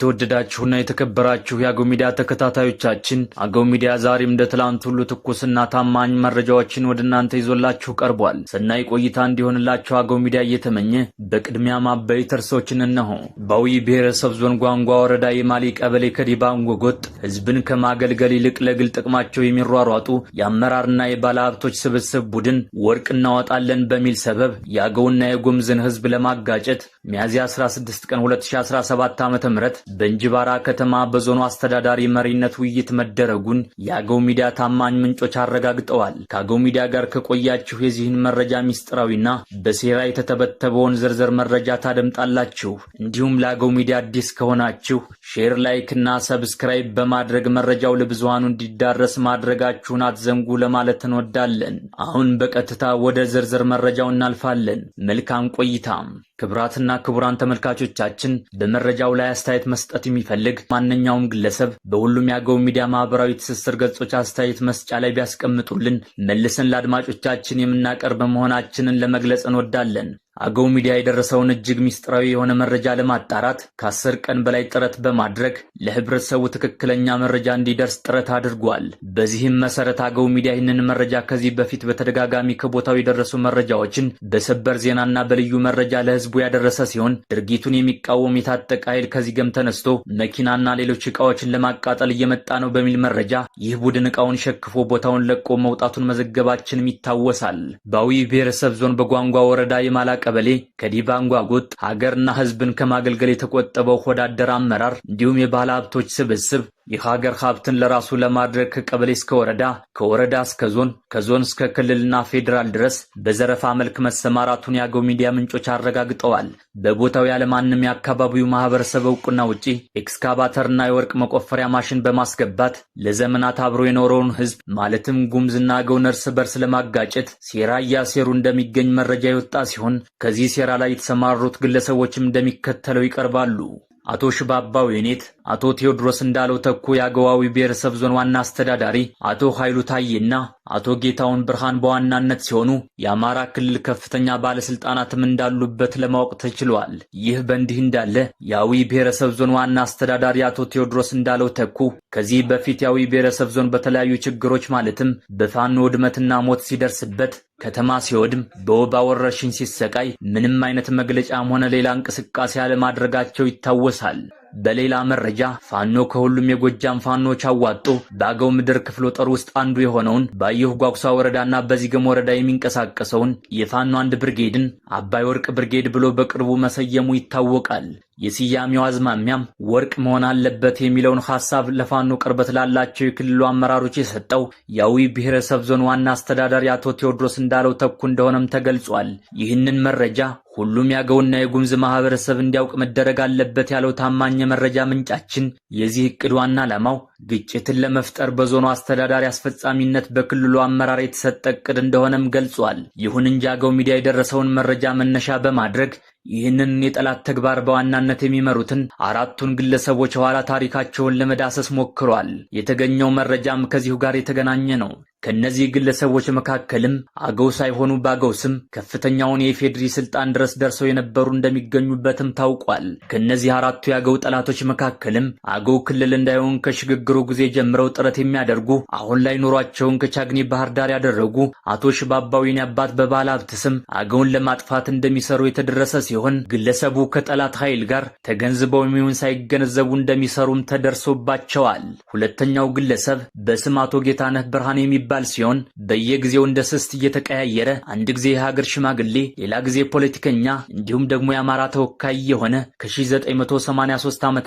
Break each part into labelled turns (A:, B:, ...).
A: የተወደዳችሁና የተከበራችሁ የአገው ሚዲያ ተከታታዮቻችን አገው ሚዲያ ዛሬም እንደ ትላንት ሁሉ ትኩስና ታማኝ መረጃዎችን ወደ እናንተ ይዞላችሁ ቀርቧል። ሰናይ ቆይታ እንዲሆንላችሁ አገው ሚዲያ እየተመኘ በቅድሚያ ማበይ ተርሶችን እነሆ። በአዊ ብሔረሰብ ዞን ጓንጓ ወረዳ የማሊ ቀበሌ ከዲባንጎ ጎጥ ህዝብን ከማገልገል ይልቅ ለግል ጥቅማቸው የሚሯሯጡ የአመራርና የባለ ሀብቶች ስብስብ ቡድን ወርቅ እናወጣለን በሚል ሰበብ የአገውና የጉምዝን ህዝብ ለማጋጨት ሚያዝያ 16 ቀን 2017 ዓ.ም በእንጅባራ ከተማ በዞኑ አስተዳዳሪ መሪነት ውይይት መደረጉን የአገው ሚዲያ ታማኝ ምንጮች አረጋግጠዋል። ከአገው ሚዲያ ጋር ከቆያችሁ የዚህን መረጃ ሚስጥራዊና በሴራ የተተበተበውን ዝርዝር መረጃ ታደምጣላችሁ። እንዲሁም ለአገው ሚዲያ አዲስ ከሆናችሁ ሼር፣ ላይክ እና ሰብስክራይብ በማድረግ መረጃው ለብዙሃኑ እንዲዳረስ ማድረጋችሁን አትዘንጉ ለማለት እንወዳለን። አሁን በቀጥታ ወደ ዝርዝር መረጃው እናልፋለን። መልካም ቆይታም። ክቡራትና ክቡራን ተመልካቾቻችን በመረጃው ላይ አስተያየት መስጠት የሚፈልግ ማንኛውም ግለሰብ በሁሉም የአገው ሚዲያ ማህበራዊ ትስስር ገጾች አስተያየት መስጫ ላይ ቢያስቀምጡልን መልሰን ለአድማጮቻችን የምናቀርብ መሆናችንን ለመግለጽ እንወዳለን። አገው ሚዲያ የደረሰውን እጅግ ምስጢራዊ የሆነ መረጃ ለማጣራት ከአስር ቀን በላይ ጥረት በማድረግ ለህብረተሰቡ ትክክለኛ መረጃ እንዲደርስ ጥረት አድርጓል። በዚህም መሰረት አገው ሚዲያ ይህንን መረጃ ከዚህ በፊት በተደጋጋሚ ከቦታው የደረሱ መረጃዎችን በሰበር ዜናና በልዩ መረጃ ለህዝቡ ያደረሰ ሲሆን ድርጊቱን የሚቃወም የታጠቀ ኃይል ከዚህ ገም ተነስቶ መኪናና ሌሎች እቃዎችን ለማቃጠል እየመጣ ነው በሚል መረጃ ይህ ቡድን እቃውን ሸክፎ ቦታውን ለቆ መውጣቱን መዘገባችንም ይታወሳል። በአዊ ብሔረሰብ ዞን በጓንጓ ወረዳ የማላቀ ቀበሌ ከዲባንጓ ጎጥ ሀገርና ሕዝብን ከማገልገል የተቆጠበው ሆዳደር አመራር እንዲሁም የባለ ሀብቶች ስብስብ የሀገር ሀብትን ለራሱ ለማድረግ ከቀበሌ እስከ ወረዳ፣ ከወረዳ እስከ ዞን፣ ከዞን እስከ ክልልና ፌዴራል ድረስ በዘረፋ መልክ መሰማራቱን የአገው ሚዲያ ምንጮች አረጋግጠዋል። በቦታው ያለማንም የአካባቢው ማህበረሰብ እውቅና ውጪ ኤክስካቫተርና የወርቅ መቆፈሪያ ማሽን በማስገባት ለዘመናት አብሮ የኖረውን ህዝብ ማለትም ጉምዝና አገውን እርስ በርስ ለማጋጨት ሴራ እያሴሩ እንደሚገኝ መረጃ የወጣ ሲሆን ከዚህ ሴራ ላይ የተሰማሩት ግለሰቦችም እንደሚከተለው ይቀርባሉ። አቶ ሽባባው የኔት፣ አቶ ቴዎድሮስ እንዳለው ተኩ የአገዋዊ ብሔረሰብ ዞን ዋና አስተዳዳሪ፣ አቶ ኃይሉ ታዬና አቶ ጌታውን ብርሃን በዋናነት ሲሆኑ የአማራ ክልል ከፍተኛ ባለስልጣናትም እንዳሉበት ለማወቅ ተችሏል። ይህ በእንዲህ እንዳለ የአዊ ብሔረሰብ ዞን ዋና አስተዳዳሪ አቶ ቴዎድሮስ እንዳለው ተኩ ከዚህ በፊት የአዊ ብሔረሰብ ዞን በተለያዩ ችግሮች ማለትም በፋኖ ውድመትና ሞት ሲደርስበት፣ ከተማ ሲወድም፣ በወባ ወረርሽኝ ሲሰቃይ ምንም አይነት መግለጫም ሆነ ሌላ እንቅስቃሴ አለማድረጋቸው ይታወሳል። በሌላ መረጃ ፋኖ ከሁሉም የጎጃም ፋኖች አዋጡ በአገው ምድር ክፍለ ጦር ውስጥ አንዱ የሆነውን ባየሁ ጓጉሳ ወረዳና በዚግም ወረዳ የሚንቀሳቀሰውን የፋኖ አንድ ብርጌድን አባይ ወርቅ ብርጌድ ብሎ በቅርቡ መሰየሙ ይታወቃል። የስያሜው አዝማሚያም ወርቅ መሆን አለበት የሚለውን ሐሳብ ለፋኖ ቅርበት ላላቸው የክልሉ አመራሮች የሰጠው የአዊ ብሔረሰብ ዞን ዋና አስተዳዳሪ አቶ ቴዎድሮስ እንዳለው ተኩ እንደሆነም ተገልጿል። ይህንን መረጃ ሁሉም ያገውና የጉምዝ ማህበረሰብ እንዲያውቅ መደረግ አለበት ያለው ታማኝ የመረጃ ምንጫችን የዚህ ዕቅድ ዋና ዓላማው ግጭትን ለመፍጠር በዞኑ አስተዳዳሪ አስፈጻሚነት በክልሉ አመራር የተሰጠ እቅድ እንደሆነም ገልጿል። ይሁን እንጂ አገው ሚዲያ የደረሰውን መረጃ መነሻ በማድረግ ይህንን የጠላት ተግባር በዋናነት የሚመሩትን አራቱን ግለሰቦች የኋላ ታሪካቸውን ለመዳሰስ ሞክሯል። የተገኘው መረጃም ከዚሁ ጋር የተገናኘ ነው። ከእነዚህ ግለሰቦች መካከልም አገው ሳይሆኑ በአገው ስም ከፍተኛውን የኢፌድሪ ስልጣን ድረስ ደርሰው የነበሩ እንደሚገኙበትም ታውቋል። ከእነዚህ አራቱ የአገው ጠላቶች መካከልም አገው ክልል እንዳይሆን ከሽግግሩ ከችግሩ ጊዜ ጀምረው ጥረት የሚያደርጉ አሁን ላይ ኑሯቸውን ከቻግኒ ባህር ዳር ያደረጉ አቶ ሽባባዊን አባት በባለ ሀብት ስም አገውን ለማጥፋት እንደሚሰሩ የተደረሰ ሲሆን ግለሰቡ ከጠላት ኃይል ጋር ተገንዝበው የሚሆን ሳይገነዘቡ እንደሚሰሩም ተደርሶባቸዋል። ሁለተኛው ግለሰብ በስም አቶ ጌታነህ ብርሃን የሚባል ሲሆን በየጊዜው እንደ ስስት እየተቀያየረ አንድ ጊዜ የሀገር ሽማግሌ፣ ሌላ ጊዜ ፖለቲከኛ እንዲሁም ደግሞ የአማራ ተወካይ የሆነ ከ1983 ዓ ም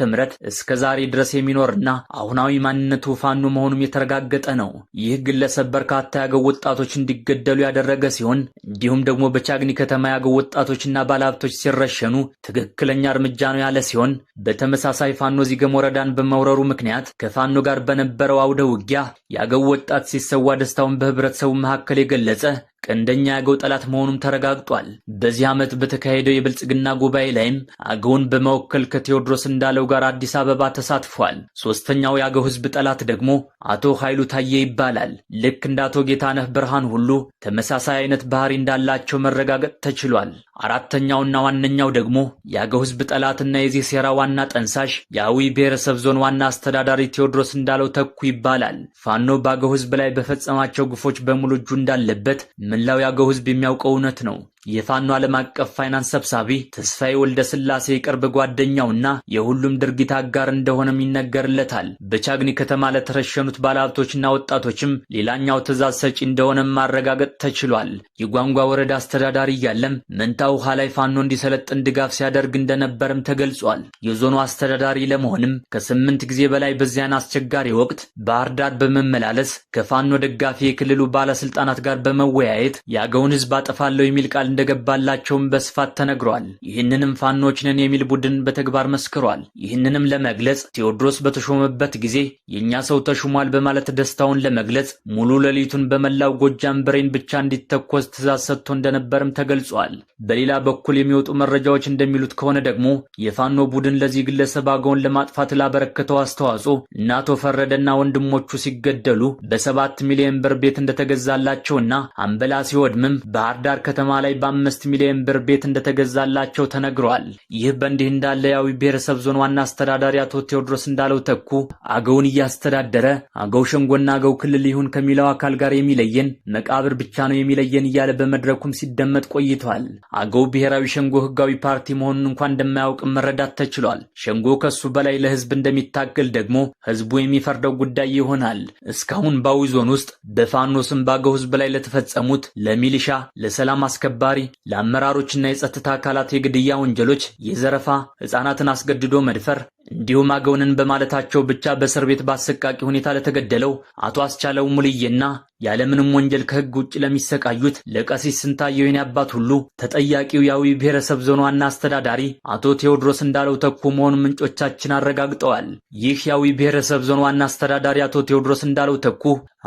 A: እስከ ዛሬ ድረስ የሚኖርና አሁናዊ ሰላማዊ ማንነቱ ፋኖ መሆኑም የተረጋገጠ ነው። ይህ ግለሰብ በርካታ ያገው ወጣቶች እንዲገደሉ ያደረገ ሲሆን እንዲሁም ደግሞ በቻግኒ ከተማ ያገው ወጣቶችና ባለሀብቶች ሲረሸኑ ትክክለኛ እርምጃ ነው ያለ ሲሆን በተመሳሳይ ፋኖ ዚገም ወረዳን በመውረሩ ምክንያት ከፋኖ ጋር በነበረው አውደ ውጊያ ያገው ወጣት ሲሰዋ ደስታውን በህብረተሰቡ መካከል የገለጸ ቀንደኛ አገው ጠላት መሆኑም ተረጋግጧል። በዚህ ዓመት በተካሄደው የብልጽግና ጉባኤ ላይም አገውን በመወከል ከቴዎድሮስ እንዳለው ጋር አዲስ አበባ ተሳትፏል። ሦስተኛው የአገው ሕዝብ ጠላት ደግሞ አቶ ኃይሉ ታዬ ይባላል። ልክ እንደ አቶ ጌታነህ ብርሃን ሁሉ ተመሳሳይ አይነት ባህሪ እንዳላቸው መረጋገጥ ተችሏል። አራተኛውና ዋነኛው ደግሞ የአገው ሕዝብ ጠላትና የዚህ ሴራ ዋና ጠንሳሽ የአዊ ብሔረሰብ ዞን ዋና አስተዳዳሪ ቴዎድሮስ እንዳለው ተኩ ይባላል። ፋኖ በአገው ሕዝብ ላይ በፈጸማቸው ግፎች በሙሉ እጁ እንዳለበት መላው ያገው ህዝብ የሚያውቀው እውነት ነው የፋኖ ዓለም አቀፍ ፋይናንስ ሰብሳቢ ተስፋዬ ወልደ ስላሴ የቅርብ ጓደኛውና የሁሉም ድርጊት አጋር እንደሆነም ይነገርለታል። በቻግኒ ከተማ ለተረሸኑት ባለሀብቶችና ወጣቶችም ሌላኛው ትእዛዝ ሰጪ እንደሆነም ማረጋገጥ ተችሏል። የጓንጓ ወረዳ አስተዳዳሪ እያለም መንታ ውሃ ላይ ፋኖ እንዲሰለጥን ድጋፍ ሲያደርግ እንደነበርም ተገልጿል። የዞኑ አስተዳዳሪ ለመሆንም ከስምንት ጊዜ በላይ በዚያን አስቸጋሪ ወቅት ባህር ዳር በመመላለስ ከፋኖ ደጋፊ የክልሉ ባለስልጣናት ጋር በመወያየት የአገውን ህዝብ አጠፋለሁ የሚል ቃል እንደገባላቸውም በስፋት ተነግሯል። ይህንንም ፋኖች ነን የሚል ቡድን በተግባር መስክሯል። ይህንንም ለመግለጽ ቴዎድሮስ በተሾመበት ጊዜ የእኛ ሰው ተሹሟል በማለት ደስታውን ለመግለጽ ሙሉ ሌሊቱን በመላው ጎጃም ብሬን ብቻ እንዲተኮስ ትእዛዝ ሰጥቶ እንደነበርም ተገልጿል። በሌላ በኩል የሚወጡ መረጃዎች እንደሚሉት ከሆነ ደግሞ የፋኖ ቡድን ለዚህ ግለሰብ አገውን ለማጥፋት ላበረከተው አስተዋጽኦ እና አቶ ፈረደና ወንድሞቹ ሲገደሉ በሰባት ሚሊዮን ብር ቤት እንደተገዛላቸውና አምበላ ሲወድምም ባህር ዳር ከተማ ላይ በአምስት ሚሊዮን ብር ቤት እንደተገዛላቸው ተነግረዋል። ይህ በእንዲህ እንዳለ የአዊ ብሔረሰብ ዞን ዋና አስተዳዳሪ አቶ ቴዎድሮስ እንዳለው ተኩ አገውን እያስተዳደረ አገው ሸንጎና አገው ክልል ይሁን ከሚለው አካል ጋር የሚለየን መቃብር ብቻ ነው የሚለየን እያለ በመድረኩም ሲደመጥ ቆይተዋል። አገው ብሔራዊ ሸንጎ ህጋዊ ፓርቲ መሆኑን እንኳን እንደማያውቅ መረዳት ተችሏል። ሸንጎ ከሱ በላይ ለህዝብ እንደሚታገል ደግሞ ህዝቡ የሚፈርደው ጉዳይ ይሆናል። እስካሁን በአዊ ዞን ውስጥ በፋኖስም በአገው ህዝብ ላይ ለተፈጸሙት ለሚሊሻ ለሰላም አስከባሪ ተባባሪ ለአመራሮችና የጸጥታ አካላት የግድያ ወንጀሎች፣ የዘረፋ፣ ህጻናትን አስገድዶ መድፈር፣ እንዲሁም አገውንን በማለታቸው ብቻ በእስር ቤት በአሰቃቂ ሁኔታ ለተገደለው አቶ አስቻለው ሙልዬና ያለምንም ወንጀል ከሕግ ውጭ ለሚሰቃዩት ለቀሲስ ስንታየው የኔ አባት ሁሉ ተጠያቂው የአዊ ብሔረሰብ ዞን ዋና አስተዳዳሪ አቶ ቴዎድሮስ እንዳለው ተኩ መሆኑ ምንጮቻችን አረጋግጠዋል። ይህ የአዊ ብሔረሰብ ዞን ዋና አስተዳዳሪ አቶ ቴዎድሮስ እንዳለው ተኩ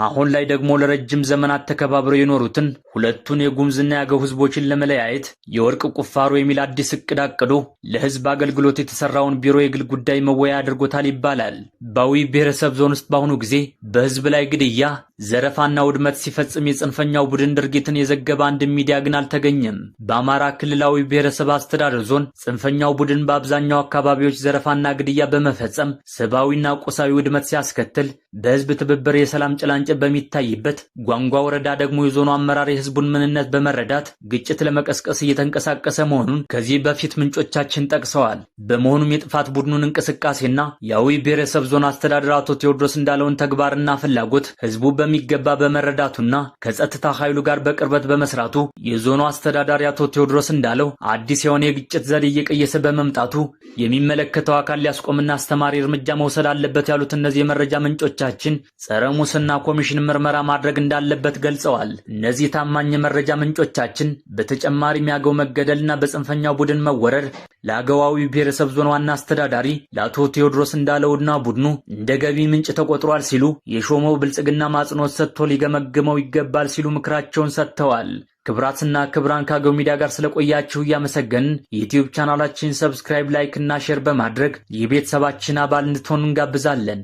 A: አሁን ላይ ደግሞ ለረጅም ዘመናት ተከባብረው የኖሩትን ሁለቱን የጉሙዝና የአገው ሕዝቦችን ለመለያየት የወርቅ ቁፋሮ የሚል አዲስ እቅድ አቅዶ ለህዝብ አገልግሎት የተሰራውን ቢሮ የግል ጉዳይ ጉዳይ መወያ አድርጎታል ይባላል። በአዊ ብሔረሰብ ዞን ውስጥ በአሁኑ ጊዜ በህዝብ ላይ ግድያ፣ ዘረፋና ውድመት ሲፈጽም የጽንፈኛው ቡድን ድርጊትን የዘገበ አንድ ሚዲያ ግን አልተገኘም። በአማራ ክልላዊ ብሔረሰብ አስተዳደር ዞን ጽንፈኛው ቡድን በአብዛኛው አካባቢዎች ዘረፋና ግድያ በመፈጸም ሰብአዊና ቁሳዊ ውድመት ሲያስከትል በህዝብ ትብብር የሰላም ጭላንጭል በሚታይበት ጓንጓ ወረዳ ደግሞ የዞኑ አመራር የህዝቡን ምንነት በመረዳት ግጭት ለመቀስቀስ እየተንቀሳቀሰ መሆኑን ከዚህ በፊት ምንጮቻችን ጠቅሰዋል። በመሆኑም የጥፋት ቡድኑን እንቅስቃሴና የአዊ ብሔረሰብ ዞን አስተዳደር አቶ ቴዎድሮስ እንዳለውን ተግባርና ፍላጎት ህዝቡ በሚገባ በመረዳቱና ከጸጥታ ኃይሉ ጋር በቅርበት በመስራቱ የዞኑ አስተዳዳሪ አቶ ቴዎድሮስ እንዳለው አዲስ የሆነ የግጭት ዘዴ እየቀየሰ በመምጣቱ የሚመለከተው አካል ሊያስቆምና አስተማሪ እርምጃ መውሰድ አለበት ያሉት እነዚህ የመረጃ ምንጮቻችን ጸረ ሙስና ኮሚሽን ምርመራ ማድረግ እንዳለበት ገልጸዋል። እነዚህ ታማኝ የመረጃ ምንጮቻችን በተጨማሪም ያገው መገደልና በጽንፈኛው ቡድን መወረር ለአገዋዊ ብሔረሰብ ዞን ዋና አስተዳዳሪ ለአቶ ቴዎድሮስ እንዳለውና ቡድኑ እንደ ገቢ ምንጭ ተቆጥሯል ሲሉ የሾመው ብልጽግና ማጽኖት ሰጥቶ ሊገመግመው ይገባል ሲሉ ምክራቸውን ሰጥተዋል። ክብራትና ክብራን ካገው ሚዲያ ጋር ስለቆያችሁ እያመሰገንን የዩትዩብ ቻናላችን ሰብስክራይብ፣ ላይክ እና ሼር በማድረግ የቤተሰባችን አባል እንድትሆኑ እንጋብዛለን።